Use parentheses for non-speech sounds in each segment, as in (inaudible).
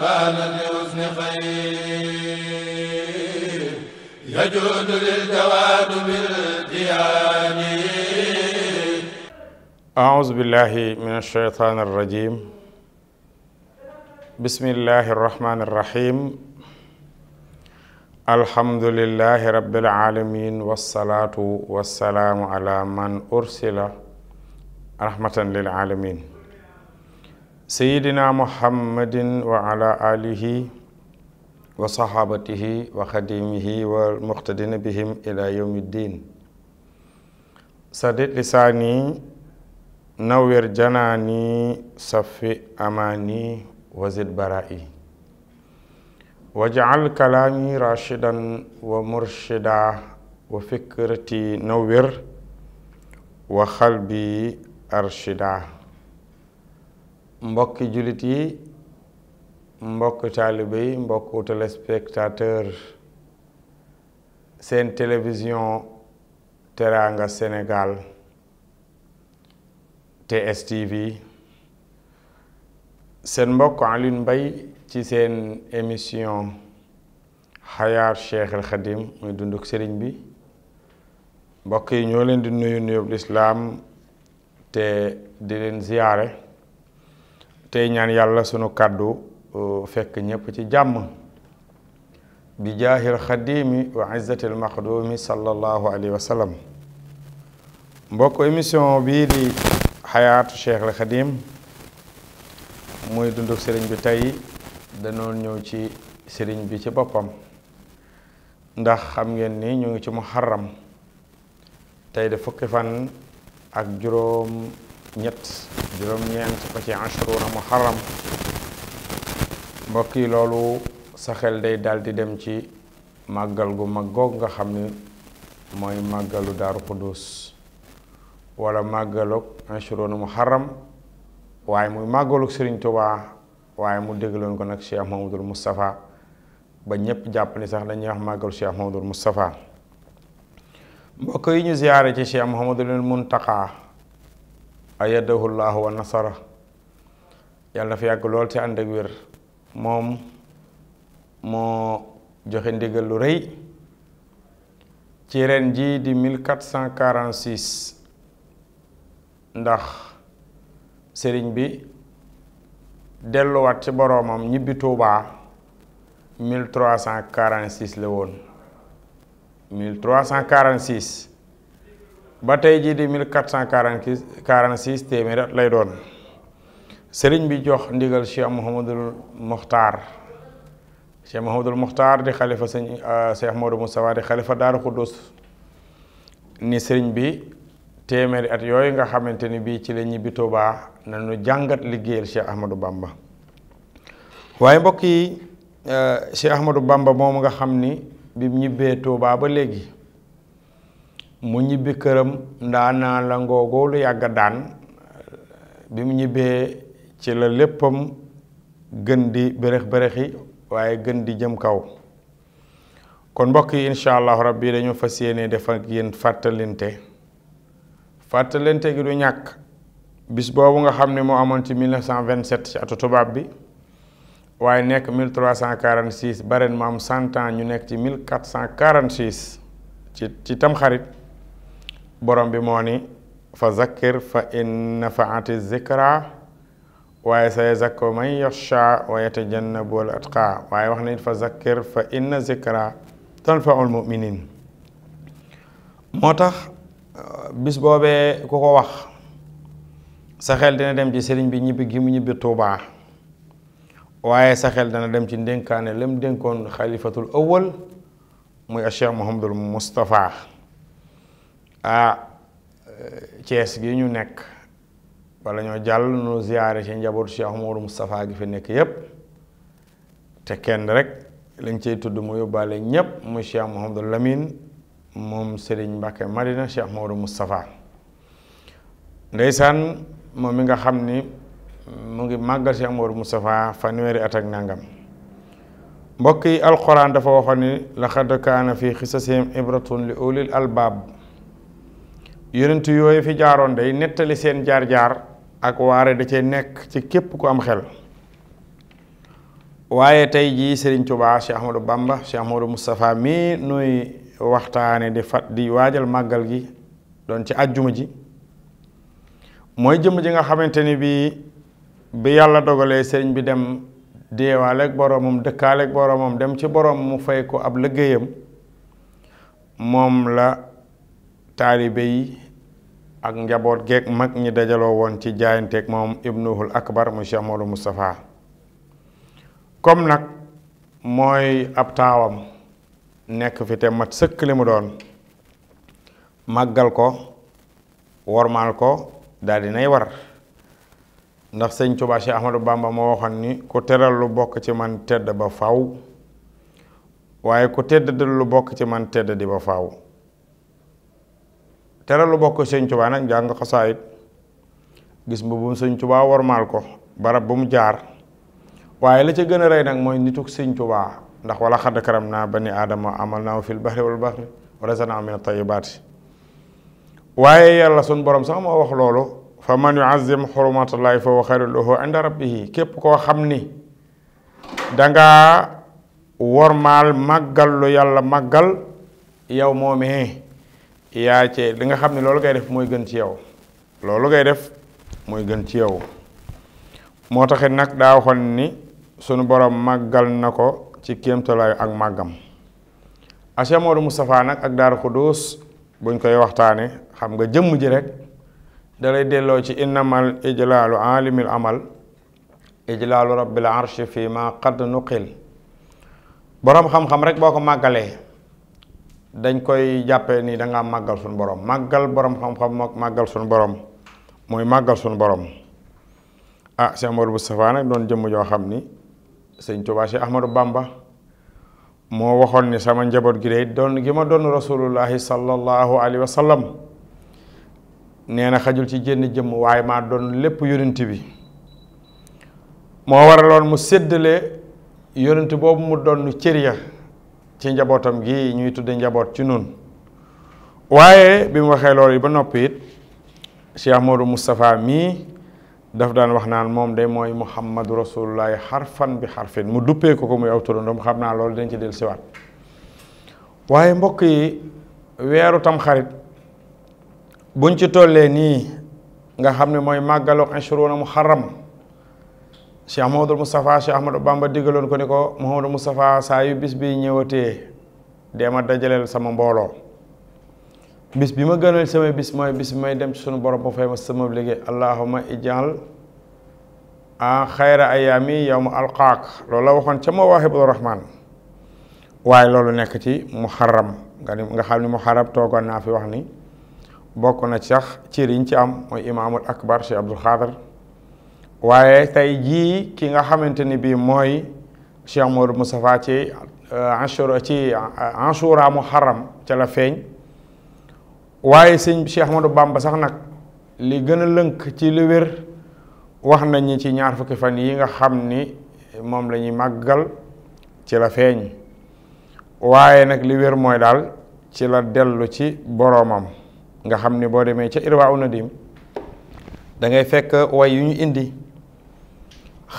بانت لحسن خير يجود للجواد بالديان أعوذ بالله من الشيطان الرجيم بسم الله الرحمن الرحيم الحمد لله رب العالمين والصلاة والسلام على من أرسل رحمة للعالمين sayidina muhammadin wa ala alihi wa saxaabatihi wa xadimihi wa muqtadina bihim ila yawmi ddin sadid lisaani nawwir janaani safi amaani wa zid baraa'i wajcal kalaami rashidan wa murshida wa fikrati nawwir wa xalbi arshida mbokki jullit yi mbokk taalibe yi mbokku téléspectateur seen télévision Teranga Sénégal TSTV seen mbokk Alioune mbay ci seen émission xayaar Cheikh El Khadim muy dunduk sëriñ bi mbokk yi ñoo leen di nuyu nuyub lislaam te di leen ziyaare tey ñaan yàlla sunu kàddu uh, fekk ñépp ci jàmm bi jaahil xadimi wa izzatil maxdumi sallallahu alayhi wa mbokk émission bii di xayaatu cheikh al xadim muy dunduk sëriñ bi tey danoo ñëw ci sëriñ bi ci boppam ndax xam ngeen ni ñu ngi ci muharram tey de fukki fan ak juróom ñett juróom-ñeent ba ci ashruuna muharram mbokk lolu sa xel day dal di dem ci magal gu mag gog nga xamni moy magalu daru qudus wala magaluk ashruuna muharram waye muy màggalug serigne touba waye mu deggalon ko nak Cheikh Mahamadul mustafa ba ñepp japp ni sax dañuy wax màggalu Cheikh Mahamadul mustafa mbokk yi ñu ziaré ci Cheikh Muntaqa ayadahu Allah wa nasara yalla fi yag lol ci ànd ak wér moom moo joxe ndigal lu reuy ci ren ji di 1446 ndax serigne bi wat ci boromam ñibi Tuubaa 1346 le won 1346 batay ji di 1446 témer lay doon sëriñ bi jox ndigal Cheikh Mouhamadul Mokhtar Cheikh Mouhamadul Mokhtar di khalifa sëñ ah, Cheikh Modou Moustapha di khalifa daru khodous ni sëriñ bi témer at yoy nga xamanteni bi ci la ñibbi toba nañu jangat liggéeyal Cheikh Ahmadou Bamba waye mbokk yi eh, Cheikh Ahmadou Bamba mom nga xamni bi ñibé toba ba légui mu ñibbi këram ndaanaan la lu yàgg daan bi mu ñibbee ci la léppam gën di bërëx bërëxi waaye gën di jëm kaw kon mbokk yi incha allahu rabbi dañu fas yéene def ak yéen fàttalinte fàttalinte gi du ñàkk bis boobu nga xam ne moo amoon ci 1927 ci atu tubaab bi waaye nekk 1346 baren mu am 100 ans ñu nekk ci 1446 ci ci xarit borom bi moo ni fa zakkir fa in nafaati zikra waaye say yazakko man yaxsha wa yatajannabu al atqa waaye wax na fa zakkir fa inna zikra tanfaul muminin moo tax bis boobee ku ko wax sa xel dina dem ci sëriñ bi ñibbi gi mu ñibbi tuubaa waaye sa xel dana dem ci ndénkaane lam dénkoon xalifatul awal muy a cheikh muhammadul mustapha ah Cees gi ñu nekk wala jàll nu ziyaare ci njabootu Cheikh Mouhamadou Moustapha gi fi nekk yépp te kenn rek lañ cey tudd mu yóbbaale ñépp muy Cheikh Mouhamadou Lamine moom Serigne Mbacke Madina Cheikh Mouhamadou Moustapha ndeysaan moom mi nga xam ni mu ngi màggal Cheikh Mouhamadou Moustapha fanweeri at ak nangam mbokk yi alxuraan dafa waxoon ni laqad kaana fi xisasihim ibratun li ulil albaab yonent yooyu fi jaaroon day nettali seen jaar-jaar ak waare da cee nekk ci képp ku am xel waaye tey jii Serigne Touba Cheikh Ahmadou Bamba Cheikh Ahmadou Moustapha mii nuy waxtaane di fat di waajal màggal gi doon ci àjjuma ji mooy jëmm ji nga xamante ni bii bi yàlla dogalee sëriñ bi dem deewaaleeg boroomam dëkkaaleeg boroomam dem ci boroom mu fay ko ab liggéeyam moom la taalibe yi ak njaboot geeg mag ñi dajaloo woon ci jaayanteek moom ibnuhul akbar mu Cheikh Modou Moustapha comme nag mooy ab taawam nekk fi te mat sëkk li mu doon màggal ko wormaal ko daal di nay war ndax sëñ Tuubaa Cheikh Ahmadou Bamba moo waxoon ni ku teral lu bokk ci man tedd ba faw waaye ku tedd lu bokk ci man tedd di ba faw tere lu bokk sëñ Tuubaa nak jang xasaayit gis mbubum sëñ war wormaal ko barab bu mu jaar waye la ci gëna a nak moy nituk sëñ Tuubaa ndax wala khad karamna bani adam amalna fil bahri wal bahri wa razana min at-tayyibaati waaye sun borom sax mo wax lolu fa man yuazim fa wa lahu inda rabbihi képp koo xam ni danga warmal magal lu yalla magal yow yaa cee li nga xam ne loolu ngay def mooy gën ci yow loolu ngay def mooy gën ci yow moo taxit nag daa waxoon ni sunu borom màggal na ko ci kéemtalaayu ak màggam Cheikh Modou Moustapha nag ak Daaru Xuduus buñ koy waxtaane xam nga jëmm ji rek dalay delloo ci innamal ijlaalu alimil amal ijlaalu rabbil arshi fi ma qad nuqil boroom xam-xam rek boo ko màggalee dañ koy jappé ni da nga magal sun borom magal borom xam-xam ak magal sun borom moy magal sun borom ah Cheikh Amadou Moustapha nak don jëm jo xam ni sëñ Cheikh Ahmadou Bamba mo waxon ni sama njabot gi day don gi ma sallallahu Alaihi Wasallam? neena xajul ci jenn jëm way ma don lepp yonent bi mo waralon mu seddelé yonent bobu mu don cër ya. ci njabootam gi ñuy tudde njaboot ci nun waaye bi mu waxee loolu yi ba noppiit si Cheikh mustafaa mii daf daan wax naan moom de mooy Muhammadu Rasulullahi xarfan bi xarfin mu duppee ko ko muy aw turandoom xam naa loolu dañ ci del siwaat waaye mbokk yi weeru tam xarit buñ ci tollee nii nga xam ne mooy màggalu mu xaram Cheikh Mouhamadul Moustapha Cheikh Ahmadou Bamba ko ni ko Mouhamadul Moustapha saa yu bis bi ñëwatee dee ma dajaleel sama mbooloo bis bi ma gënal sama bis mooy bis bi may dem ci sunu borom ba fay ma sama liggéey allahumma ijal a xayra ayaami yow ma alqaak loolu la waxoon ca Mawaahibur Rahmaan waaye loolu nekk ci muharram nga xam ni muharram toogoon naa fi wax ni bokk na cax cër yi ñu ci am mooy imaamul akbar Cheikh Abdoul Xaadar waye tay ji ki nga xamanteni bi moy Cheikh Modou Moustapha ci euh, Ashura ci euh, Ashura Muharram ci la feñ waye sëñ Cheikh Ahmadou Bamba sax nak li gëna leunk ci li wër wax nañ ci ñaar fukki fan yi nga xamni mom lañuy maggal ci la feñ waye nak li wër moy dal ci la delu ci boromam nga xamni bo ci Irwa Nadim da ngay fekk way yu ñu indi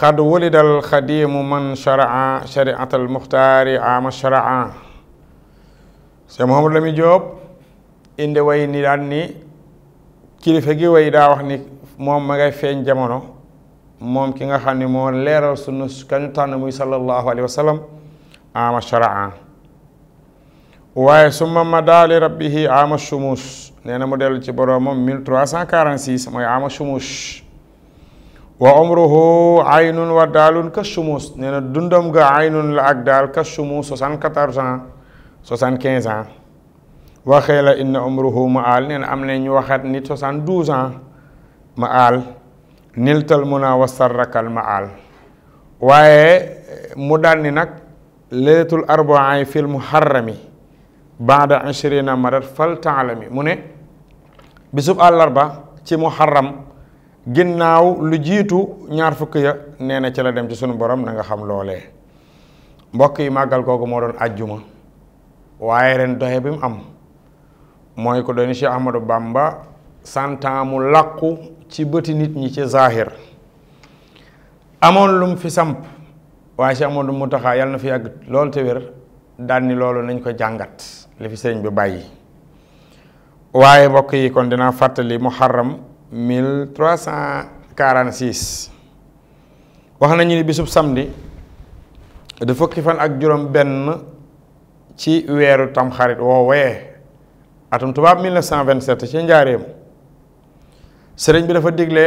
قد ولد الخديم من شرع شريعة المختار عام الشرع سي محمد لمي جوب inde way ni daan ni kilifa gi way daa wax ni moom ma ngay feeñ jamono moom ki nga xam ne moo leeral sunu kañu tànn muy sallallahu alayhi wa sallam ama sharaa waaye summa madaali rabbihi ama shumus nee na mu dellu ci boroomam 1346 mooy ama shumus وعمره عين ودال كالشموس نينا دندم غا عين لا اك دال كالشموس 74 75 وخيل ان عمره معال نين ام ني وخات ني 72 معال نيلتل منا وسرك المعال واي مو داني نك ليله الاربعاء في المحرم بعد 20 مرر فلتعلمي مو ني بسب الاربعاء تي محرم ginnaaw lu jiitu ñaar fukk ya nee na ci la dem ci suñu borom na nga xam loole mbokk yi màggal googu moo doon ajjuma waaye ren doxe bi mu am mooy ko doon Cheikh Ahmadou Bamba santan mu làqu ci bëti nit ñi ci zahir amoon lum fi samp waaye Cheikh Ahmadou Mountakha yàlla na fi yàgg loolu te wér daan ni loolu nañ ko jàngat li fi sëriñ bi bàyyi waaye mbokk yi kon dinaa fàttali muharram 1346 wax nañu ni bisub samedi da fukki fan ak juróom benn ci weeru tamxarit woowee atum tubaab 1927 ci njaareem sëriñ bi dafa digle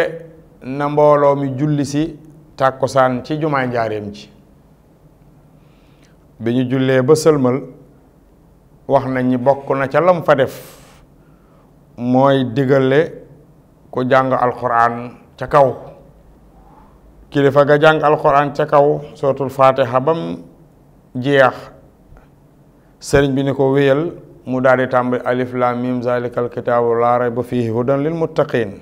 na mbooloo mi julli si tàkkusaan ci jumaay njaareem ci bi ñu jullee ba sëlmal wax nañ ni na ca lam fa def ku jàng alquran ca kaw kilifa ga jàng alquran ca kaw sootul fatiha bam jeex sëriñ bi ni ko wéyal mu daal di tàmbali alif lam mim zalikal kitaabu laa rayba fiihi hudan lil muttaqin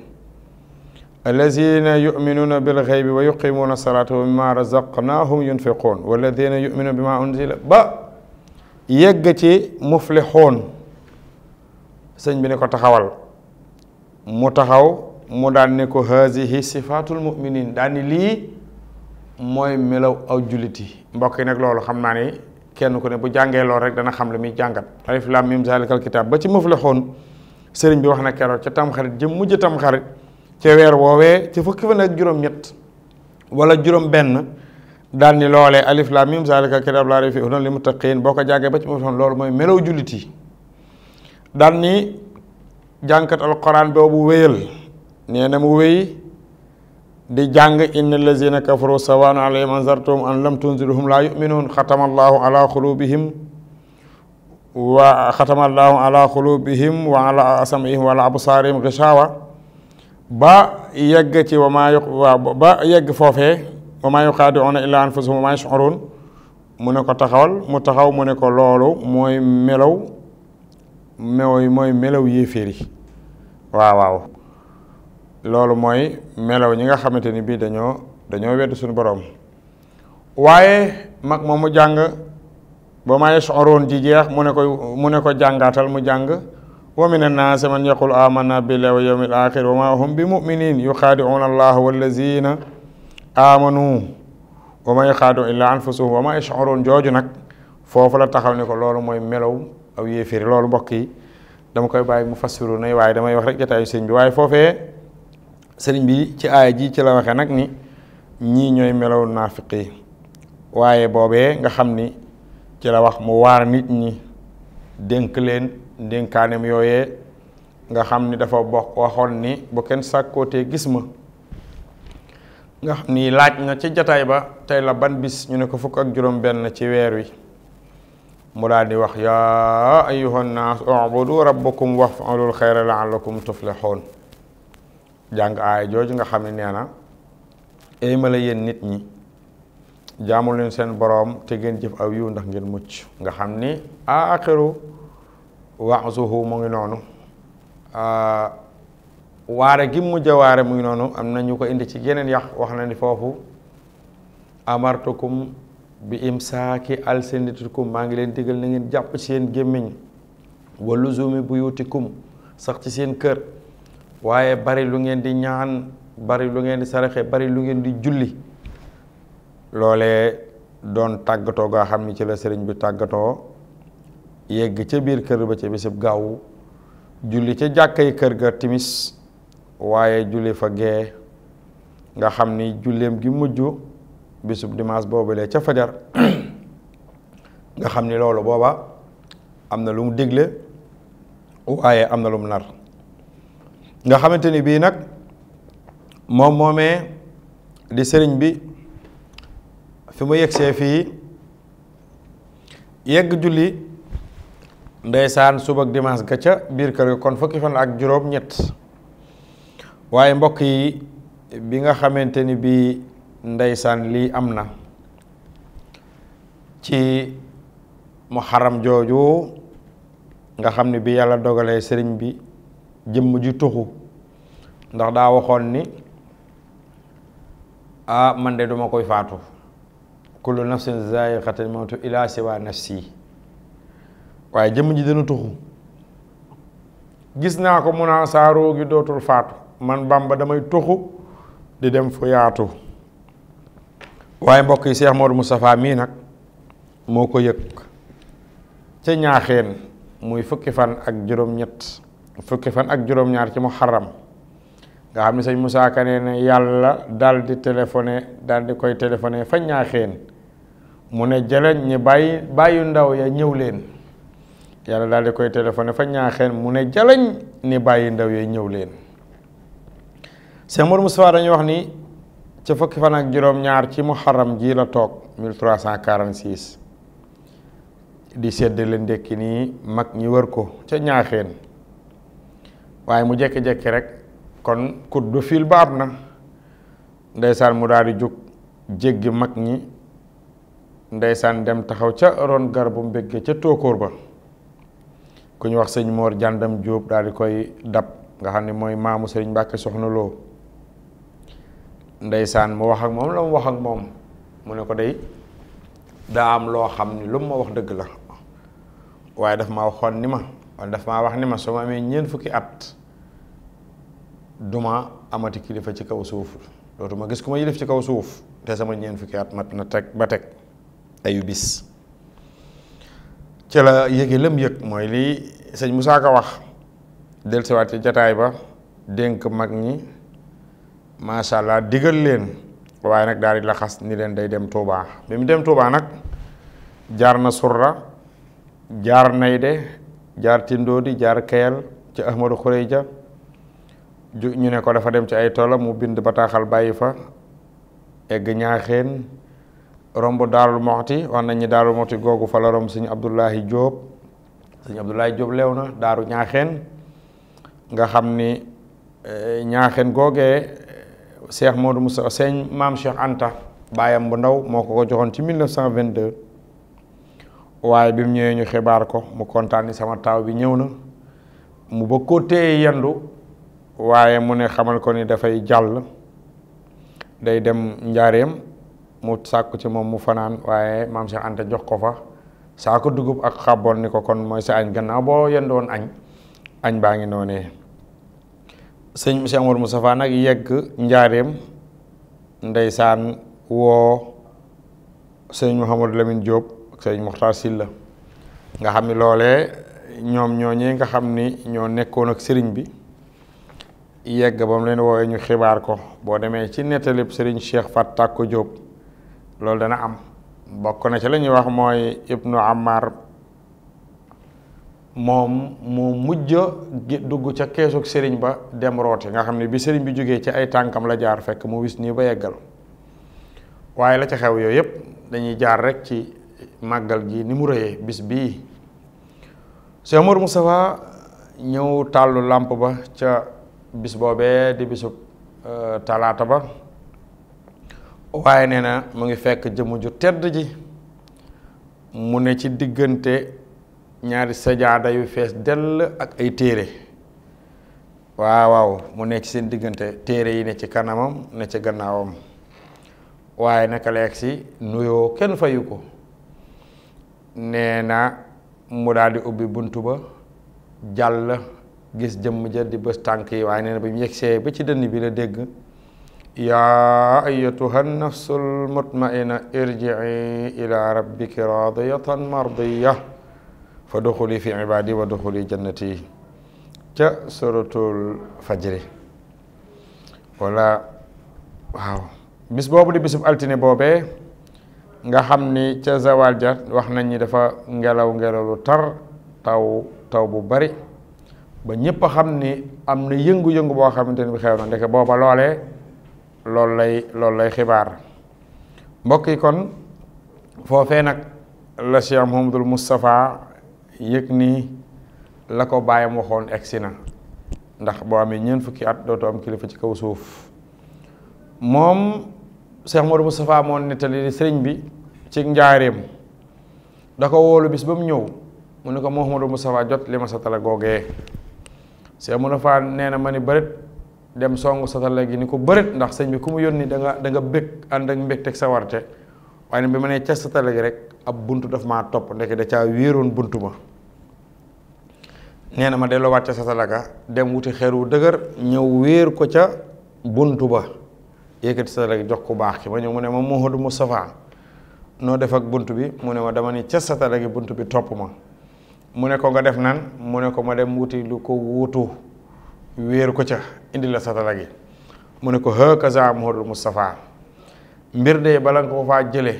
allazina yuminuuna bil xaybi wa yuqimuuna salaata wa mimma razaqnahum yunfiquun walladina yuminuuna bima unzila ba yegg ci muflixoon sëñ bi ni ko taxawal mu taxaw mu daan ne ko hazihi sifatul muminin daan ni lii mooy melaw aw jullit yi mbokk yi nag loolu xam naa ni kenn ku ne bu jàngee lool rek dana xam lu muy jàngat alif lam mim zalikal kitab ba ci muflixoon sëriñ bi wax na keroog ca tamxarit jëm mujj tamxarit ca weer woowee ca fukki fan ak juróom wala juróom-benn daal ni loolee alif lam mim zalikal kitab laa rayba fiihi hudan boo ko jàngee ba ci muflixoon loolu mooy melaw jullit yi daal jànkat alquran boobu wéyal nee na mu wéy di jàng inna allazina kafaru sawaanu alayhim anzartum an lam tunzirhum laa yuminuun xatama allahu ala xulubihim wa xatama allahu ala xulubihim wa ala asamihim wa ala absaarihim gishawa ba yegg ci wa maa yuq ba yegg foofee wa maa yuqaadiuuna illa anfusahum wa maa yashcuruun mu ne ko taxawal mu taxaw mu ne ko loolu mooy melaw mooy mooy melaw yéeféer yi waaw waaw loolu mooy melaw ñi nga xamante ni bii dañoo dañoo wedd suñu boroom waaye mag ma mu jàng ba may soroon ji jeex mu ne ko mu ne ko jàngaatal mu jàng wa mina naasi man yaqul amanna billahi wa yawmil axir wa ma hum bi muminin yuxaadiuuna allaha wallazina amanu wa ma yuxaadiu illa anfusahum wa ma soroon jooju nag foofu la taxaw ni ko loolu mooy melow aw yéeféeri loolu mbokk yi dama koy bàyyi mu fassiru nay waaye damay wax rek jataayu sëriñ bi waaye foofee sëriñ bi ci aaya ji ci la waxee nag ni ñii ñooy melaw naafiq yi waaye boobee nga xam ni ci la wax mu waar nit ñi dénk leen dénkaanem yooyee nga xam ni dafa bokk waxoon ni bu kenn sàkkootee gis ma nga xam ni laaj na ci jataay ba tey la ban bis ñu ne ko fukk ak juróom benn ci weer wi mu daal di wax yaa ayuha nnaas ubudu rabbakum wafalul xayra jooju nga xam ne nee na ay yéen nit ñi jaamu seen boroom te ngeen aw yiw ndax ngeen mucc nga xam ni aaxiru waazuhu ngi noonu waare gi mujj waare mu ngi noonu am na ko indi ci yeneen yax wax na ni foofu amartukum bi imsaaki al ma ngi len digal na ngeen japp ci seen gémmiñ waluzumi buyutikum sax ci seen keur waaye bari lu ngeen di ñaan bari lu ngeen di saraxé bari lu ngeen di julli lolé don tagato go xamni ci la serigne bi tagato yegg ci bir keur ba ci bisib gaaw julli ci jakkay keur ga timis waaye julli fa ge nga xamni jullem gi mujju bisub dimanche boobulee ca fajar (clears throat) nga xam ni loolu booba am na lu mu digle waaye am na lu mu nar nga xamante ni bii nag moom moomee di sëriñ bi fi mu yegsee fii yegg julli ndeysaan suba ak dimanche ga ca biir kër ga kon fukki fan ak juróom ñett waaye mbokk yi bi nga xamante ni bii ndeysaan lii am na ci mu xaram jooju nga xam ne bi yàlla dogalee sëriñ bi jëmm ji tuxu ndax daa waxoon ni ah man de duma koy faatu kullu nafsin zaiqatin mawtu ila siwa nafsi waaye jëmm ji dana tuxu gis naa ko mu naan saaroo gi dootul faatu man bàmba damay tuxu di dem fu yaatu waaye mbokk yi Cheikh Modou Moustapha mii nag moo ko yëg ca ñaaxeen muy fukki fan ak juróom-ñett fukki fan ak juróom-ñaar ci muharram nga xam ne sëñ Moussa kane ne yàlla dal di téléphoné dal di koy téléphoné fa ñaaxeen mu ne jëleñ ñi bàyyi bàyyu ndaw ya ñëw leen yàlla dal di koy téléphoné fa ñaaxeen mu ne jëleñ ni bàyyi ndaw ya ñëw leen Cheikh Modou Moustapha dañuy wax ni. ci fukk fan ak juroom ñaar ci muharram ji la toog 1346 di le ndékki ni mag ñi wër ko ca ñaaxeen waaye mu rek kon kuddu fil ba na ndeysaan mu daal di jug jéggi mag ñi ndeysaan dem taxaw ca ron garbu mbégge ca tóokóor ba ku ñu wax sëñ Moor Jàndam Jóob daal di koy dab nga xam ne mooy maamu sëriñ Soxna Lo ndeysaan mu wax ak moom la mu wax ak moom mu ne ko day daa am loo xam ni lu mu ma wax dëgg la waaye daf ma waxoon ni ma wala daf maa wax ni ma su ma amee ñeent fukki at du ma amati kilifa ci kaw suuf dootuma gis ku ma yilif ci kaw suuf te sama ñeen fukki at mat na teg ba teg ayu bis ci la yëge lam yëg mooy lii sëñ Musaa Ka wax dellusiwaat ci jataay ba dénk mag ñi macha allah digal len waaye nak daal di khas ni len day dem toba, bi dem toba nak jarna na surra jar nayde jar tindodi kel, kayal ci ahmadu xureyja ñu ne ko dafa dem ci ay tola mu bind bataaxal bàyyi fa egg ñaaxen rombo darul muhti wax nañ ñi daarul moxti googu fa la rom seigne Abdullah job seigne abdullahi jóob lewna na ñaaxen nga xamni eh, ñaaxen goge Cheikh Modou Moustapha sëñ maam Cheikh Anta baayam bu ndaw moo ko ko joxoon ci 1922 waaye bi mu ñëwee ñu xibaar ko mu kontaan sama taaw bi ñëw na mu bëgg ko téye yendu waaye mu ne xamal ko ni dafay jàll day dem njaareem mu sàkku ci moom mu fanaan waaye maam Cheikh Anta jox ko fa saako dugub ak xàbboon ni ko kon mooy si añ gannaaw boo yendoon añ añ baa ngi noonee sëñ si Amadou Moustapha nag yegg njaareem ndeysaan woo sëñ Mouhamadou Lamine Diop ak sëñ Mokhtar Sylla nga xam ni loolee ñoom ñooñee nga xam ni ñoo nekkoon ak sëriñ bi yegg ba mu leen woowee ñu xibaar ko boo demee ci nettalib sëriñ Cheikh Fat Tàkko jóob loolu dana am bokk na ci la ñuy wax mooy Ibnu Ammar mom mu mujj dugg ca kessuk serigne ba dem rooti nga xam bi serigne bi jógee ci ay tankam la jaar fekk mu wis ni ba yeggal waye la ca xew yooyu yep dañuy jaar rek ci magal gi ni mu rëyee bis bi Cheikh omar mustafa ñew talu làmp ba ca bis bobé di bisup euh, talata ba waye nee na mu ngi fekk jëmuju tedd ji mu ne ci diggante ñaari sajaada yu fees dell ak ay téere waaw waaw mu ne ci seen diggante téere yi ne ci kanamam ne ci gannaawam waaye naka la yegsi nuyoo kenn fayu ko nee na mu daal di ubbi bunt ba jàll gis jëmm ja di bës tànk yi waaye nee bi mu yegsee ba ci dënn bi la dégg yaa ayatuha nafsul mutmaina irjii ila rabbiki radiyatan mardiya fa duxuli fi ibaadi wa duxuli jannati ca suratul fajri wala waaw bis boobu di bisub altine boobee nga xam ni ca zawal ja wax nañ ni dafa ngelaw ngelaw lu tar taw taw bu bari ba ñëpp a xam ni am na yëngu-yëngu boo xamante ni bi xew na ndeke booba loolee loolu lay loolu lay xibaar mbokk yi kon foofee nag la Cheikh Mouhamadoul Moustapha yekni lako la ko baayam waxoon egsi ndax bo amé ñeen fukki at dootu am kilifa ci kaw suuf mom Cheikh Modou Moustapha mo netali serigne bi ci njaarem da ko bis bam ñew mu ne ko Mouhamadou Moustapha jot lima ma satala googee Cheikh Modou fa neena mani beret dem songu satala gi ni ko beret ndax serigne bi ku mu da nga da nga bekk and ak tek sa warte waaye ne bi satala rek ab buntu daf ma top nek da ca buntu ma nee na ma delloowaat ca satalaga dem wuti xeer wu dëgër ñëw wéer ko ca bunt ba yëkkati satalaga jox ko baax ki ma ñëw mu ne ma Mouhadou Moustapha noo def ak bunt bi mu ne ma dama ni ca satala bunt bi topp ma mu ne ko nga def nan mu ne ko ma dem wuti lu ko wuutu wéer ko ca indi la satala gi mu ne ko hakaza Mouhadou Moustapha mbir de bala nga ko faa jële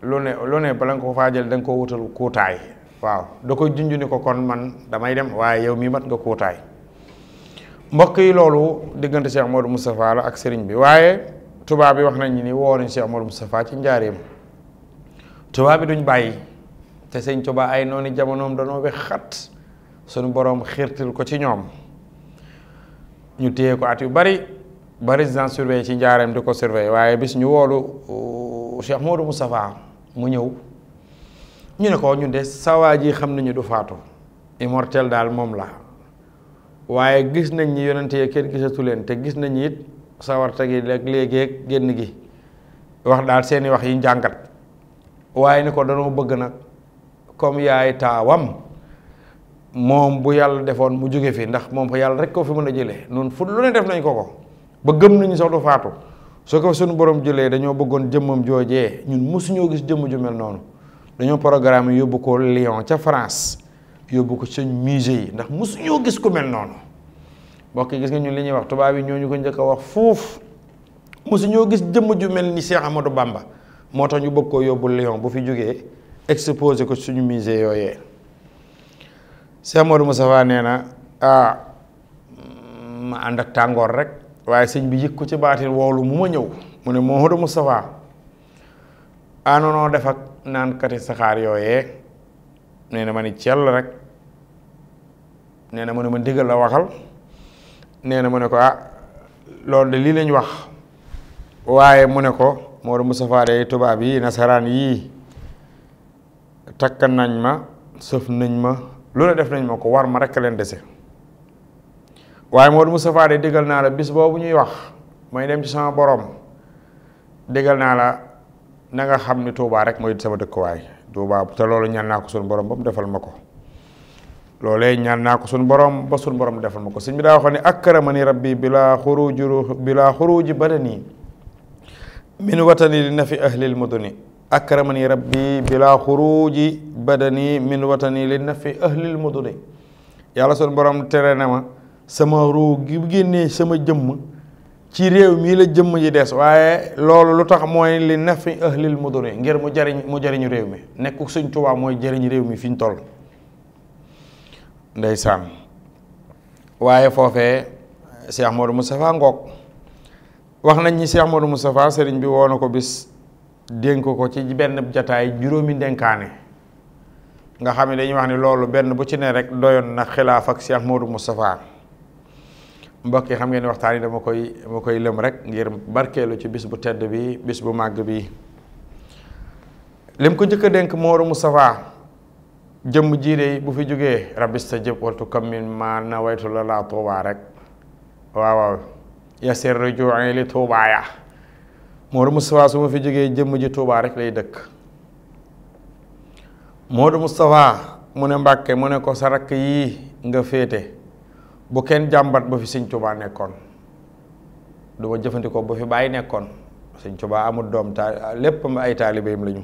lu ne lu ne bala nga ko faa jële da nga ko wutal kuutaay waaw da ko junj ni ko kon man damay dem waaye yow mii mat nga kuutaay mbokk yi loolu diggante Cheikh Modou Moustapha la ak sëriñ bi waaye tubaab bi wax nañ ni woo nañ Cheikh Modou Moustapha ci njaareem tubaab bi duñ bàyyi te sëñ Tuubaa ay noonu jamonoom danoo bi xat sunu boroom ko ci ñoom ñu téye yu bari ba résidence surveillée ci njaareem di ko surveillé waaye bis ñu woolu uh, Cheikh Modou Moustapha mu ñëw ñu ne ko ñu de sawaa ji xam nañu du faatu immortel daal moom la waaye gis nañ ñi yonente yi kenn gisatu leen te gis nañ it sawarte gi ak léegeeg génn gi wax daal seeni wax yi njàngat waaye ni ko danoo bëgg nag comme yaay taawam moom bu yàlla defoon mu jóge fii ndax moom yàlla rek ko fi mën a jëlee noonu fu lu ne def nañ ko ko ba gëm nañu sax du faatu su ko suñu boroom jëlee dañoo bëggoon jëmmam joojee ñun mosuñoo gis jëmm ju mel noonu dañoo programme yóbbu ko Lyon ca France yóbbu ko ca musée yi ndax mosuñoo gis ku mel noonu mbokk gis nga ñun li ñuy wax tubaab yi ñoo ñu ko njëkk a wax foofu mosuñoo gis jëmm ju mel ni Cheikh Amadou Bamba moo tax ñu bëgg koo yóbbu Lyon bu fi jógee exposé ko suñu musée yooyee Cheikh Amadou nee na ah ma ànd ak tàngoor rek waaye sëñ bi yëg ko ci baatin woolu mu ma ñëw mu ne Mouhamadou Moustapha ah non non naankati saxaar yooye nee na ma ni cell rek nee na mu ne ma ndigal la waxal nee na mu ne ko ah loolu de lii lañ wax waaye mu ne ko Mor Moustapha day tubaab yi nasaraan yii takk nañ ma sëf nañ ma loolu def nañ ma ko war ma rekk leen dese waaye Mor Moustapha day digal naa la bis boobu ñuy wax may dem ci sama borom digal naa la. nanga xam ni Touba rek mooy sama dëkkuwaay tuubaa te loolu ñaan naa ko suñu borom ba mu defal ma ko loolee ñaan naa ko suñu borom ba suñu borom defal ma ko sëñ bi daa waxoon ne akramani rabbi bilaa bi bilaa xuruji badani min watani li nafi ahlil muduni akramani rabbi bilaa xuruji badani min watani li nafi ahlil muduni yàlla suñu borom tere na ma sama ruu gi génnee sama jëmm ci rew mi la jëm ji dess waye loolu lutax moy li nafi ahlil mudri ngir mu jariñ mu jariñ rew mi nekku sëñ tuba moy jariñ rew mi fiñ ñu toll ndeysaan waaye foofee Cheikh Modou Moustapha ngok wax nañ ni Cheikh Modou Moustapha sëriñ bi wonako bis denk ko ci benn jotaay juromi ndénkaane nga xam dañuy wax ni loolu benn bu ci ne rek doyon na khilaf ak Cheikh Modou Moustapha mbokk yi xam ngeen waxtaan yi dama koy dama koy lëm rek ngir barkeelu ci bis bu tedd bi bis bu màgg bi lim ko jëkk a dénk Mooru Moustapha jëmm jii de bu fi jógee rabbi stajib waltu kammin ma nawaytu la laa tuubaa rek waaw waaw yasir ruju'i li tuubaa ya Moodu Moustapha su ma fi jógee jëmm ji tuubaa rek lay dëkk Moodu Moustapha mu ne Mbàkke mu ne ko sa rakk yii nga féete bu kenn jambat bu fi seigne touba nekkon du ma jëfandikoo ba fi bàyyi nekkoon sëñ Tuubaa amul ta lepp lépp ay taalibeem lañu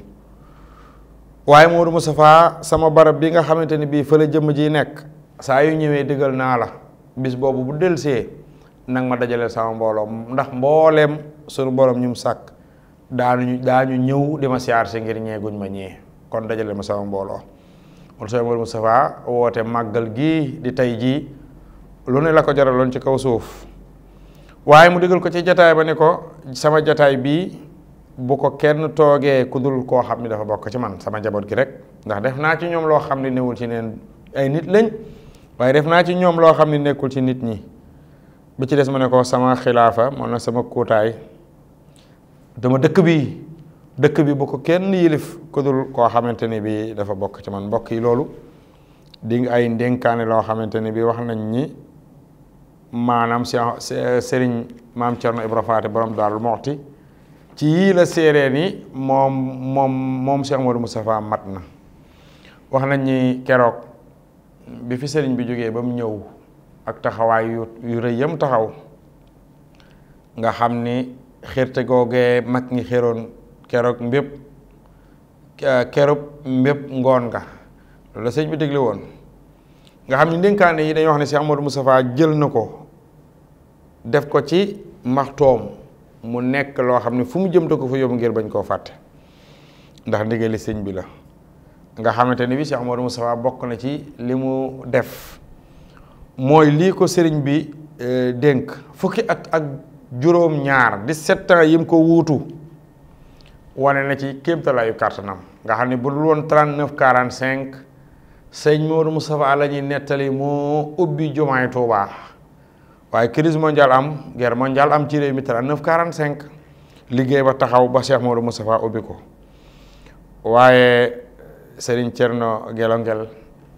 waye Modou mustapha sama barab bi nga xamanteni bi fele jëm ji nekk sa yu ñëwé digal na la bis bobu bu delsé nag ma dajalé sama mbooloo ndax mbooleem suñu borom ñum sak nyu daanuñu nyu ñëw di ma siar si ngir ñee ma ñee kon dajalé ma sama mbooloo Modou mustapha wote magal gi di tay ji lu ne la ko jaral jaraloon ci kaw suuf waaye mu digal ko ci jataay ba ne ko sama jataay bii bu ko kenn toogee ku koo xam ne dafa bokk ci man sama njaboot gi rek ndax def naa ci ñoom loo xam ne newul ci neen ay nit lañ waaye def naa ci ñoom loo xam ne nekkul ci nit ñi bi ci des ma ne ko sama xilaafa moom na sama kuutaay dama dëkk bi dëkk bi bu kenn yilif ku koo xamante ni bi dafa bokk ci man mbokk yi loolu di nga ay ndénkaane loo xamante ni bi wax nañ ñi maanaam si sëriñ maam Cerno Ibra Faati borom Daaru Muxti ci yii la séeréer yi moom moom moom Cheikh Modou Moustapha mat na wax nañ ni keroog bi fi sëriñ bi jógee ba mu ñëw ak taxawaay yu yu taxaw nga xam ni xirte googee mag ñi xéroon keroog mbépp keroog mbépp ngoon nga loolu la sëñ bi digle woon nga xamni ne yi dañuy wax ne Cheikh Amadou mustapha jël nako def ko ci maxtoom mu nek lo xam fu mu jëm te ko fu yob ngir bañ ko faté ndax ndigali sëñ bi la nga xamanteni bi Cheikh Amadou mustapha bok na ci limu def moy li ko sëriñ bi e, denk fukki at ak jurom ñaar 17 ans yim ko wuutu wané na ci kéemtalaayu kàttanam nga xamni bu dul won 39 45 sëñ Modou Moustapha la ñuy nettali moo ubbi jumaay Tuubaa waaye crise mondiale am guerre mondiale am ci réew mi 39 45 liggéey ba taxaw ba Cheikh Modou Moustapha ubbi ko waaye Serigne Thierno Gelongel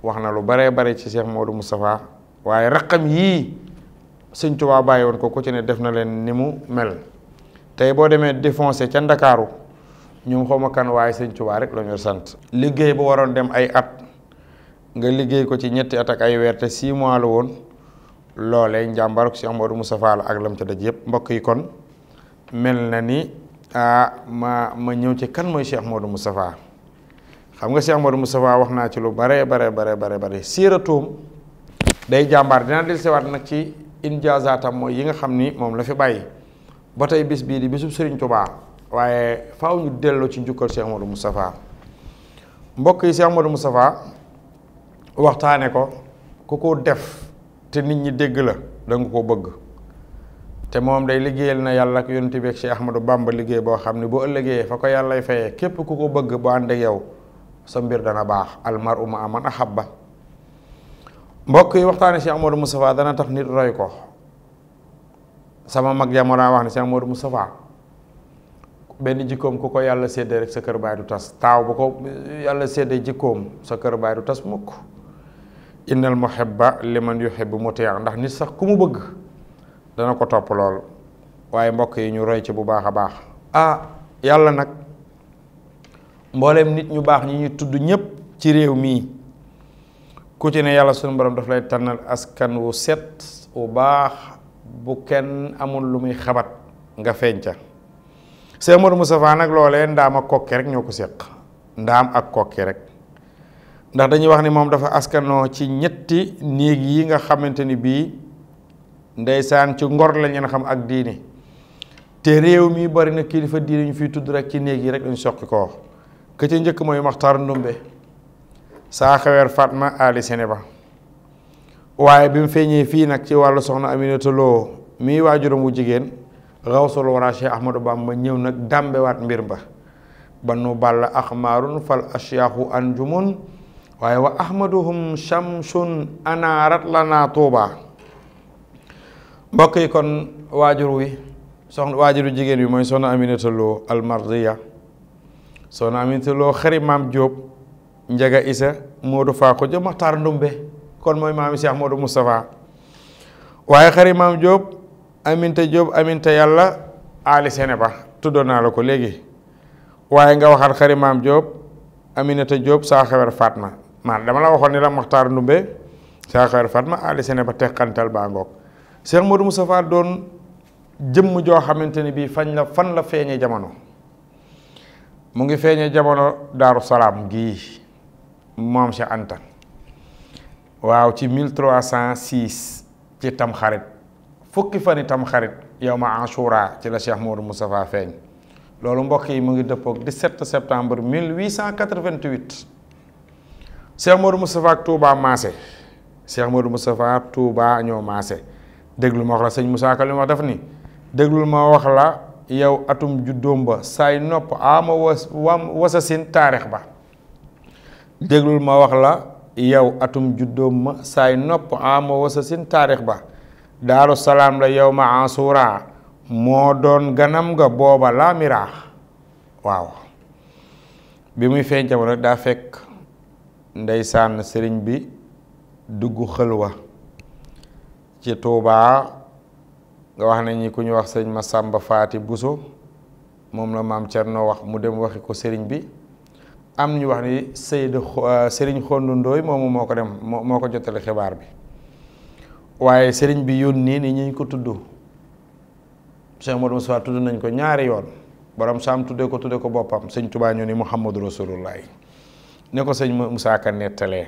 wax na lu baree bare ci Cheikh Modou Moustapha waaye raqam yii sëñ Tuubaa bàyyi woon ko ku ci ne def na leen ni mu mel tey boo demee défoncé ca Ndakaaru ñoom xaw ma kan waaye sëñ Tuubaa rek la sant liggéey bu waroon dem ay at. nga liggéey ko ci ñetti at ak ay weer te six mois la woon loolee njàmbaar Cheikh Modou Moustapha la ak lam ca daj yëpp mbokk yi kon mel na ni ah ma ma ñëw ci kan mooy Cheikh Modou Moustapha xam nga Cheikh Modou Moustapha wax naa ci lu bare bare bare bare bare siiratoom day jàmbaar dina dellusiwaat nag ci injazaatam mooy yi nga xam ni moom la fi bàyyi ba tey bis bii di bisub Serigne Touba waaye faaw ñu delloo ci njukkal Cheikh Modou Moustapha mbokk yi Cheikh Modou Moustapha waxtaane ko ku ko def te nit ñi dégg la danga koo bëgg te moom day liggéeyal na yàlla ak yonent bi ak Cheikh Ahmadou Bamba liggéey boo xam ne boo ëllëgee fa ko yàllay képp ku ko bëgg bu ànd ak sa mbir dana baax almar uma aman ahabba mbokk yi waxtaane Cheikh Ahmadou Moustapha dana tax nit roy ko sama mag jamono wax ne Cheikh Ahmadou Moustapha benn jikkoom ku ko yàlla séddee rek sa kër baay du tas taaw bu ko yàlla séddee jikkoom sa kër baay du tas mukk innal muhibba liman yuhibbu mutiya ndax nit sax kumu mu bëgg dana ko top lool waye mbokk yi ñu roy ci bu baaxa a baax ah yalla nak mbooleem nit ñu baax ñi ñu tudd ñepp ci rew mi ku ci ne yalla suñu borom daf lay tanal askan wu set wu baax bu kenn amul lu muy xabat nga feeñ ca Seex Moodu Mustafaa nag ak kokki rek ñoko sekk ndam ak kokki rek ndax dañuy wax ni moom dafa askano ci ñetti néeg yi nga xamante ni bii ndeysaan ci ngor la ngeen xam ak diine te réew mi bari na kilifa diine ñu fiy tudd rek ci néeg yi rek dañu soqi ko ka ca njëkk mooy Maxtaar Ndumbe saa xeweer Fatma Ali Seneba waaye bi mu feeñee fii nag ci wàllu soxna Aminata Lo mii waajuram wu jigéen rawsul wara Cheikh Ahmadou Bamba ñëw nag dàmbewaat mbir ba banu bàll axmaarun fal ashyaahu anjumun waaye wa ahmaduhum shamsun anaarat lana tuuba mbokk yi kon waajur wi soxna waajuru jigéen bi mooy soxna Aminata Lo almardiya soxna Aminata Lo xari maam Diop Njaga Isa Moodu Faako jo Maxtaar Ndumbe kon mooy maami Cheikh Moodu Moustapha waaye xari maam Diop Aminta Diop Aminta yàlla Ali Sene ba tuddoon naa la ko léegi waaye nga waxaat xari maam Diop Aminata Diop saa xewar Fatma man dama la waxone la muxtar Ndumbe Cheikh Khayr Fatma Ali Sene ba tekantal ba ngok Cheikh Modou Moustapha don jëm jo xamanteni bi fagn la fan la feñe jamono mu ngi feñe jamono daru salam gi mom Cheikh Anta waaw ci 1306 ci xarit fukki fani tam xarit yawma Ashura ci la Cheikh Modou Moustapha feñ loolu mbokk yi mu ngi dëppoog 17 septembre 1888 cheikh modou moustapha ak touba massé cheikh modou moustapha ak touba ñoo massé deglu ma wax la Seigne moussa ka li daf ni deglu ma wax la yow atum juddom ba saay nopp ama was wasasin tarikh ba deglu ma wax la yow atum juddom ma saay nopp ama wasasin tarikh ba daru salam la yow ma asura mo don ganam ga boba la mirah waaw bi muy feeñ jamono da fek ndeysaan sëriñ bi dugg xëlwa ci Tuubaa nga wax ne ñi ku ñu wax sëñ sàmba Faati Buso moom la maam Cerno wax mu dem waxi ko sëriñ bi am ñu wax ni Seydou euh, sëriñ Xondu Ndooy moomu moo ko dem moo ko jotale xibaar bi waaye sëriñ bi yónni ni ñu ko tudd Cheikh Modou Moussa tudd nañ ko ñaari yoon borom saam tuddee ko tuddee ko boppam sëñ Tuubaa ñu ni Muhammadu Rasulullahi ne ko sëñ Moussa Ka nettalee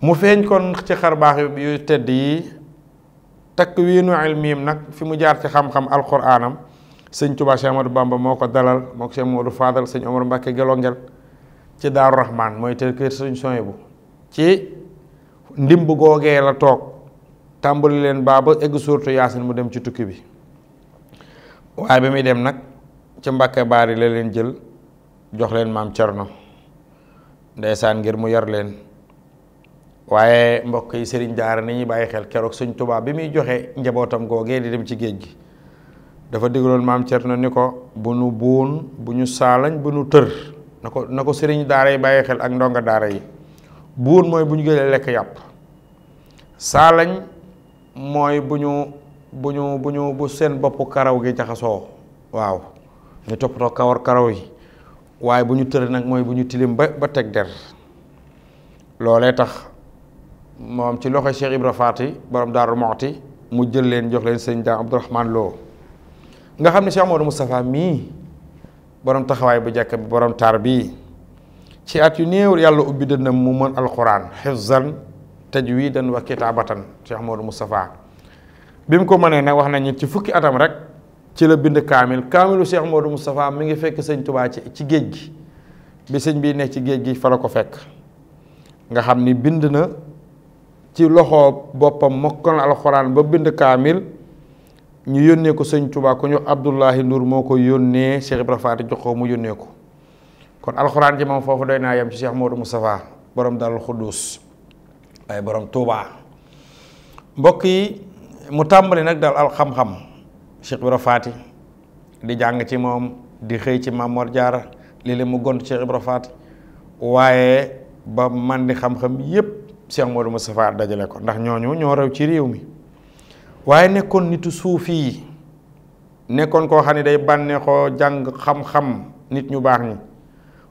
mu feeñ kon ci xar baax yu tedd yi takk wiinu ilmiim nag fi mu jaar ci xam-xam alxuraanam sëñ Tuubaa Cheikh Amadou Bamba moo ko dalal moo ko Cheikh Modou Fadal sëñ Omar Mbacke Gelongel ci Daaru Rahman mooy te kër sëñ Soyibu ci ndimb googee la toog tàmbali leen baa ba egg suurtu Yaasin mu dem ci tukki bi waaye ba muy dem nag ci Mbacke Baari la leen jël jox leen maam Cerno ndeysaan ngir mu yar leen waaye mbokk yi sëriñ daara ni ñuy bàyyi xel keroog suñ tubaab bi muy joxe njabootam googee di dem ci géej gi dafa digaloon maam na ni ko bu nu buun bu ñu saalañ bu nu tër na ko sëriñ daara yi bàyyi xel ak ndonga daara yi buun mooy bu ñu gëlee lekk yàpp saalañ mooy ñu bu ñu bu ñu bu seen bopp karaw gi jaxasoo waaw ñu toppatoo kawar karaw yi waaye bu ñu tëre nag mooy bu ñu tilim ba ba teg der loolee tax moom ci loxo Cheikh Ibra Faati borom Daaru Muxti mu jël leen jox leen sëñ Abdourahman Lo nga xam ne Cheikh Modou Moustapha mii borom taxawaay bu jekk bi borom taar bii ci at yu dan yàlla ubbi dënnam mu mën alquran xifzan tajwidan wa kitabatan Cheikh Modou Moustapha bi ko mënee nag wax nañ ci fukki atam rek ci le bind kamil kaamilu Cheikh Modou mustapha mi ngi fekk seigne Touba ci ci geej gi bi seigne bi ne ci geej gi fa la ko fekk nga xamni ni bind na ci loxo bopam mokkal alcorane ba bind kamil ñu yonne ko seigne Touba ko ñu Abdullahi nur moko yonne Cheikh ibrahim Faati joxo mu yonne ko kon alcorane ji mom fofu doyna yam ci Cheikh Modou mustapha borom Darou khudus ay borom Touba mbokk yi mu tambali nak dal al xam-xam. Cheikh Ibra Faati di jàng ci moom di xëy ci Maam Mor Jaara léeg-léeg mu gont Cheikh Ibra Faati waaye ba man di xam-xam yépp Cheikh Modou Moustapha dajale ko ndax ñooñu ñoo rew ci réew mi waaye nekkoon nitu suuf yi nekkoon koo xam ni day bànneexoo jàng xam-xam nit ñu baax ñi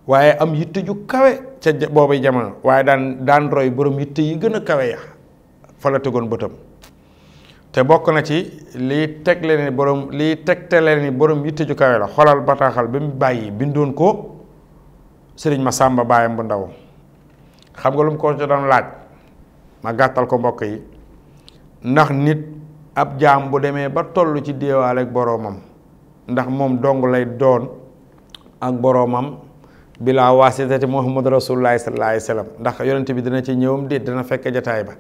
waaye am yitte ju kawe ca boobu jamono waaye daan daan roy borom yitte yi gën a kawe ya fa la tegoon bëtam te bokk na ci lii teg leen borom lii tegte leen ni borom yitte ju kawe la xolal bataaxal bi mu bàyyi bindoon ko sëriñ ma sàmba baayam bu ndaw xam nga lu mu ko doon laaj ma gàttal ko mbokk yi ndax nit ab jaam bu demee ba toll ci deewaale ak boroomam ndax moom dong lay doon ak boroomam bilaa waasitati muhammad rasulullahi sallallahu alayhi wa sallam ndax yonent bi dina ci ñëwam déet dina fekk jataay ba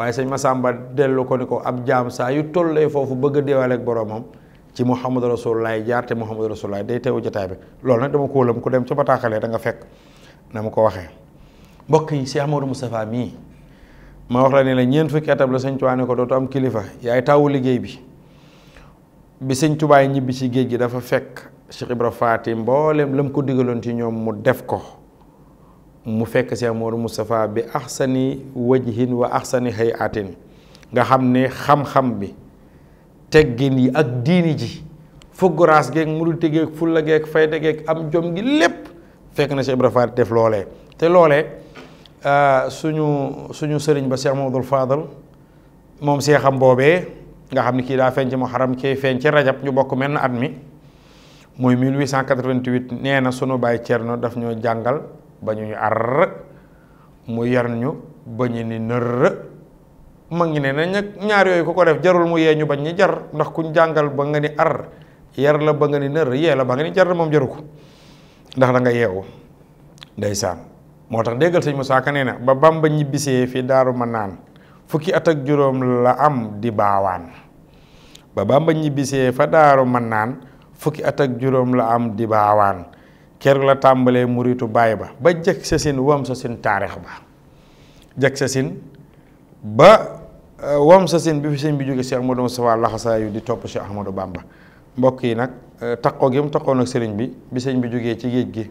waaye sëñ Masamba dellu ko ni ko ab jaam saa yu tollee foofu bëgg a deewaale ak boromam ci Muhammad Rasulullaay jaar te Muhammad Rasulullaay day teewu jotaay bi loolu nag dama ko wóolam ku dem ca bataaxalee da nga fekk na ma ko waxee. mbokk yi Cheikh Amadou Moustapha mii ma wax la ne la ñeent fukki atam la sëñ Tuubaa ne ko dootu am kilifa yaay tawu liggéey bi bi sëñ Tuubaa ñibbi ci géej gi dafa fekk Cheikh Ibra Faati mboolem la mu ko digaloon ci ñoom mu def ko. mu fekk Cheikh Modou Moustapha bi axsani wajhin wa axsani hayatin nga xam ne xam-xam bi teggin yi ak diini ji fugguraas geeg mu dul tegeeg fulla geeg fayda geeg am jom gi lépp fekk na Cheikh Ibra Fall def loole te loolee euh, suñu suñu sëriñ ba Cheikh Mamadou Fadal moom seexam boobee nga xam ne kii daa feeñ ci muharram kii feeñ ci rajab ñu bokk menn at mi mooy 1888 nee na sunu baay Cerno daf ñoo jàngal bañu ñu ar mu yar ñu ba ni neur ma ngi ne nak ñaar yoy ko ko def jarul mu yeñu bañ ni jar ndax kuñ jangal ba nga ni ar yar la ba nga ni neur ye la ba nga ni jar mom jaruko ndax da nga yew ndaysan motax tax señ musa kané na ba Bamba fi daru manan fukki at ak juróom la am di bawan ba Bamba ñibisé fa daru manan fukki at ak juróom la am di bawan keroog la tambalé muritu baye ba ba jek sa sin wam sa sin tarikh ba jek sa sin ba euh, wam sa sin bi fi sin bi jóge Cheikh Modou Moustapha laxasaayu di top Cheikh Ahmadou Bamba mbok yi nak euh, takko gi mu takko nak serigne bi bi serigne bi jógee ci geej gi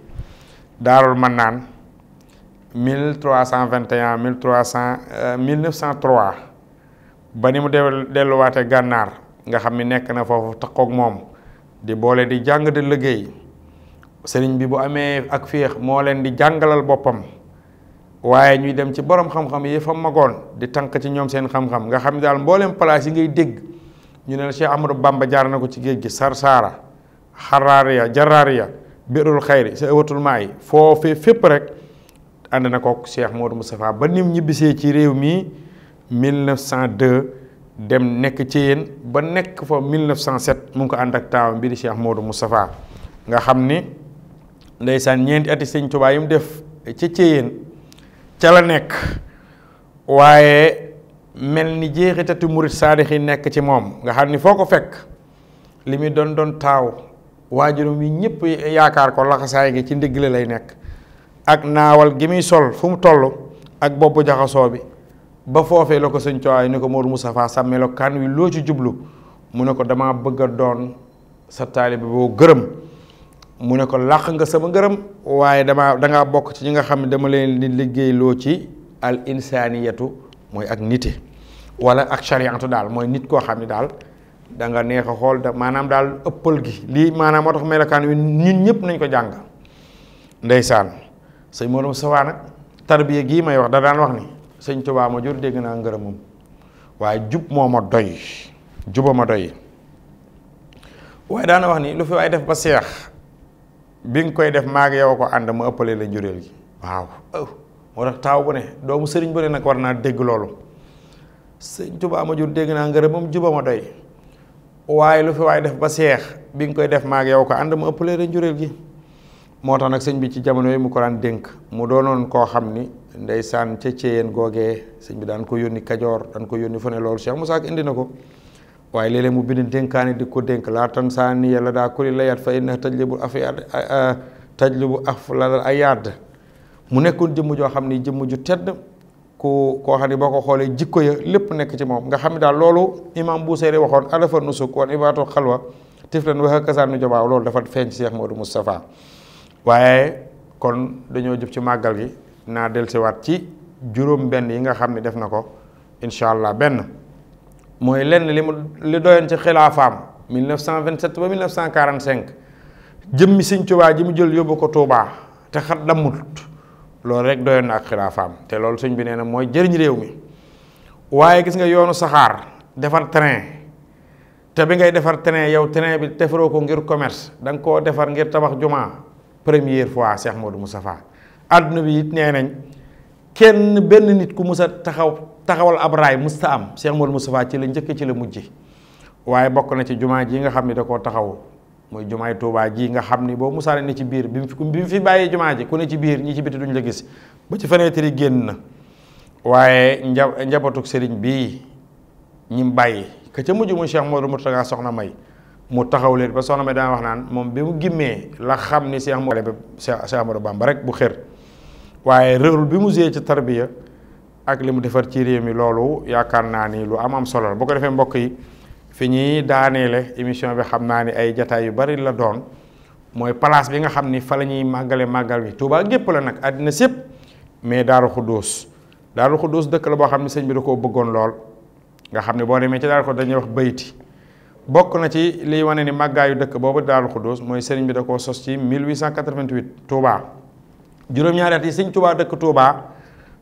darul mil 1321 1300 1903 ba ni mu wate ganar nga xamni nek nekk na foofu taqoog mom di bolé di jang di liggéey serigne bi bu amé ak féex mo len di jangalal bopam waye ñuy dem ci borom xam-xam yi fa magoon di tank ci ñom seen xam-xam nga xam dal mbolem place yi ngay deg ñu ne Cheikh Amadou Bamba jaar nako ci geej gi Sarsara Xaraariya Jaraariya Birul khair ci ewatul may fofé fep rek and na ko Cheikh Modou mustapha ba nim ñibisé ci rew mi 1902 dem nek ci yeen ba nek fa 1907 mu ko and ak taw bi di Cheikh Modou mustapha nga xamni ndeysaan ñeenti ati sëñ Tuubaa yi mu def ci Céyeen ca la nekk waaye mel ni jeexitati murit saadix yi nekk ci moom nga xam ni foo ko fekk li muy doon doon taaw waajurum wi ñëpp yaakaar ko laxasaay gi ci ndigg la lay nekk ak naawal gi muy sol fu mu toll ak boppu jaxasoo bi ba foofee la ko sëñ Tuubaa ni ko Moodu Mustafaa sàmmelo kan wi loo ci jublu mu ne ko dama bëgg a doon sa taalibe boo gërëm mu ne ko làq nga sama ngërëm waaye dama dangaa bokk ci ñi nga xam ne dama leen di liggéeyloo ci al insaniyatu mooy ak nite wala ak chariantu daal mooy nit koo xam ne daal da nga neex a xool da maanaam daal ëppal gi lii maanaam moo tax melokaan wi ñun ñëpp nañ ko jàng ndeysaan sëñ Modou Moustapha nag tarbiya gii may wax da daan wax ni sëñ Tuubaa ma jur dégg naa ngërëmam waaye jub moo ma doy juba ma doy waaye daana wax ni lu fi waaye def ba seex bi nga koy def maag yow ko ànd mu ëppale la njuréel gi waaw oh, moo tax taaw bu ne doomu sëriñ bu ne nag war naa dégg loolu sëñ Tuubaa ma jur dégg naa ngërëm moom juba ma doy waaye lu fi waaye def ba seex bi nga koy def maag yow ko ànd mu ëppale la njuréel gi moo tax nag sëñ bi ci jamono yi mu ko daan dénk mu doonoon koo xam ni ndeysaan ca Ceyeen googee sëñ bi daan ko yónni Kajoor daan ko yónni fu ne loolu mu Moussa indi na ko waaye léeg-léeg mu bind dénkaane di ko dénk laa tan saani yàlla daa kuli layaat fa inna tajlibu afiyaat tajlibu aflal ayaad mu nekkoon jëmm joo xam ni jëmm ju tedd ku koo xam ne boo ko xoolee jikko ya lépp nekk ci moom nga xam ne daal loolu imam Buseyri waxoon alafa nusuk woon ibaatu xalwa tiflan wax kasaan nu jobaaw loolu dafa feeñ ci Cheikh Modou Moustapha waaye kon dañoo jub ci màggal gi naa dellusiwaat ci juróom benn yi nga xam ne def na ko incha allah benn moy len li mu li doyon ci xilaafaam 1927 ba 1945 jëmmi seigne touba ji mu jël yóbbu touba te xat dammut loolu rek doyon na ak xilaafaam te loolu seigne bi neena moy jëriñ rew mi waye gis nga yoonu sahar defar train te bi ngay defar train yow train bi defaroo ko ngir commerce dang ko defar ngir tabax juma première fois Cheikh Modou Moustapha àdduna bi nit nee kenn benn nit ku musa taxaw. taxawal ab raay musta am Cheikh Modou Moustapha ci la njëkk ci la mujj waaye bokk na ci jumaa ji nga xam ne da koo taxaw muy jumaay Touba ji nga xam ni boo musaane ne ci biir bi mu fi bàyyee jumaa ji ku ne ci biir ñi ci biti duñ la gis ba ci fenêtre yi génn na waaye nja njabootug sëriñ bii ñi mu bàyyi ka a mujj muy Cheikh Modou Mourtada soxna May mu taxaw leen ba soxna May daa wax naan moom bi mu gimmee la xam ni Cheikh Modou Cheikh Amadou Bamba rek bu xër waaye rërul bi mu jee ci tarbiya ak li mu defar ci réew loolu yaakaar naa ni lu am am solo la bu ko defee mbokk yi fi ñuy daaneele émission bi xam naa ni ay jataay yu bari la doon mooy place bi nga xam ni fa la ñuy màggale màggal bi Tuubaa gépp la nag àddina sépp mais Daaru Xuddoos Daaru Xuddoos dëkk la boo xam ne sëñ bi da koo bëggoon lool nga xam ne boo demee ci daal ko dañuy wax bayti bokk na ci liy wane ni màggaayu dëkk boobu Daaru Xuddoos mooy sëriñ bi da ko sos ci 1888 Tuubaa juróom-ñaari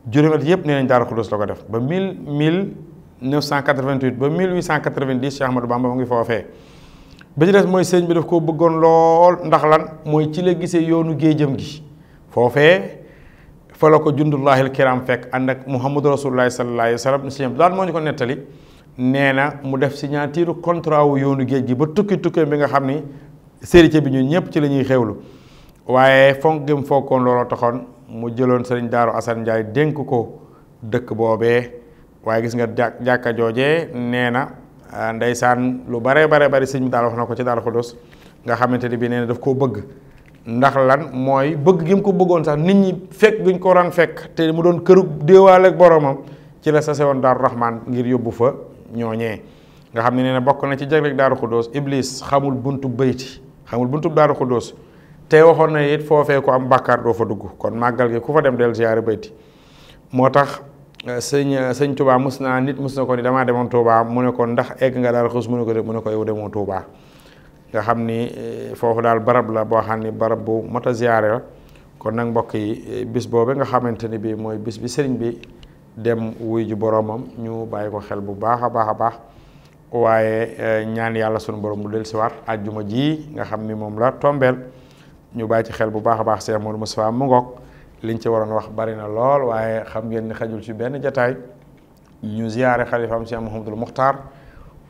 juróomi at yëpp nee nañ Daaru Xudoos la ko def ba mille mille neuf cent quatre-vingt-huit ba mille huit cent quatre-vingt-dix Cheikh Ahmadou Bamba mu ngi foofee ba ci des mooy sëñ bi daf koo bëggoon lool ndax lan mooy ci la gisee yoonu géejam gi foofee fa la ko jundullaahil kiram fekk ànd ak Muhammadu Rasulullaahi sallallaahu alayhi wa sallam sëñ bi daal moo ñu ko nettali nee na mu def signature contrat wu yoonu géej gi ba tukki tukkee bi nga xam ni sérité bi ñun ñëpp ci la ñuy xewlu waaye fonk gi mu foogoon looloo taxoon mu jëloon sëriñ Daaru Assane Ndiaye dénk ko dëkk boobee waaye gis nga jàkk jàkka joojee nee na ah, ndeysaan lu bare bare bari sëñ bi wax na ko ci Daaru Xudoos nga xamante ni bi nee na daf koo bëgg ndax lan mooy bëgg gi mu ko bëggoon sax nit ñi fekk guñ ko ran fekk te mu doon këru déewaale ak boromam ci la sa sewoon Daaru Rahman ngir yóbbu fa ñooñee nga xam ne nee na bokk na ci jagleeg Daaru Xudoos Iblis xamul buntu bayti xamul buntu Daaru Xudoos té waxoon na it ko am bakkar do fa dugg kon magal gi ku fa dem del ziaré beuti motax eh, señ eh, señ Touba musna nit musna ko ni damaa demoon Touba muné ko ndax egg nga dal xus muné ko dem muné ko yow demoo Touba nga xamni ni eh, dal barab la bo xamni barab bu mata ziaré la kon nak mbokk yi bis bobé nga xamanteni bi moy mo bis bi señ bi dem wuy ju boromam ñu bayiko ko xel bu baaxa baaxa baax a baax ñaan yàlla sunu borom lu wat aljuma ji nga xamni mom la tombel ñu bàyyi ci xel bu baax a baax Cheikh Modou Moustapha mu ngoog liñ ci waroon wax bari na lool waaye xam ngeen ni xajul ci benn jataay ñu ziyaare xalifaam Cheikh Mouhamadul Muxtaar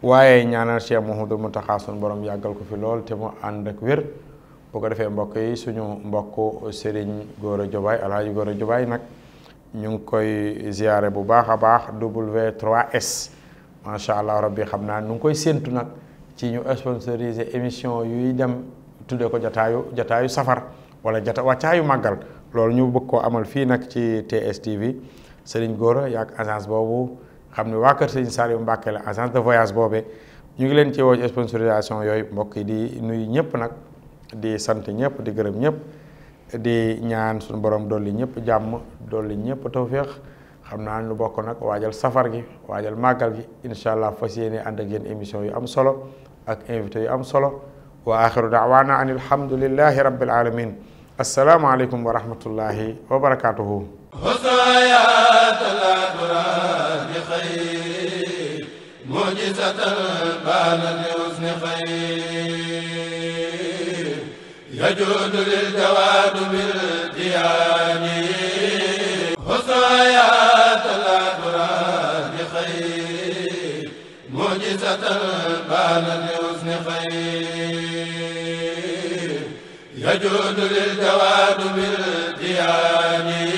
waaye ñaanal Cheikh Mouhamadul Muntaxa sunu borom yàggal ko fi lool te mu ànd ak wér bu ko defee mbokk yi suñu mbokk góor Serigne Gora Diobaye Alaaji Gora Diobaye nag ñu ngi koy ziyaare bu baax a baax W3S macha allah rabbi xam naa nu ngi koy séentu nag ci ñu sponsorisé émission yuy dem. tuddee ko jataayu jataayu safar wala jata wàccaayu màggal loolu ñu bëgg koo amal fii nag ci TSTV Serigne Gora yaag agence boobu xam ne waa kër Serigne Saliou Mbacké la agence de voyage boobee ñu ngi leen ci woo ci sponsorisation yooyu mbokk yi di nuyu ñëpp nag di sant ñëpp di gërëm ñëpp di ñaan suñu borom dolli ñëpp jàmm dolli ñëpp tawféex xam naa lu bokk nag waajal safar gi waajal màggal gi incha allah fa yéene ànd ak yéen émission yu am solo ak invité yu am solo. واخر دعوانا ان الحمد لله رب العالمين السلام عليكم ورحمه الله وبركاته وصايات الأبرار بخير معجزة بان لحسن خير يجود للجواد بالديان وصايات الأبرار خير معجزة بان بالديان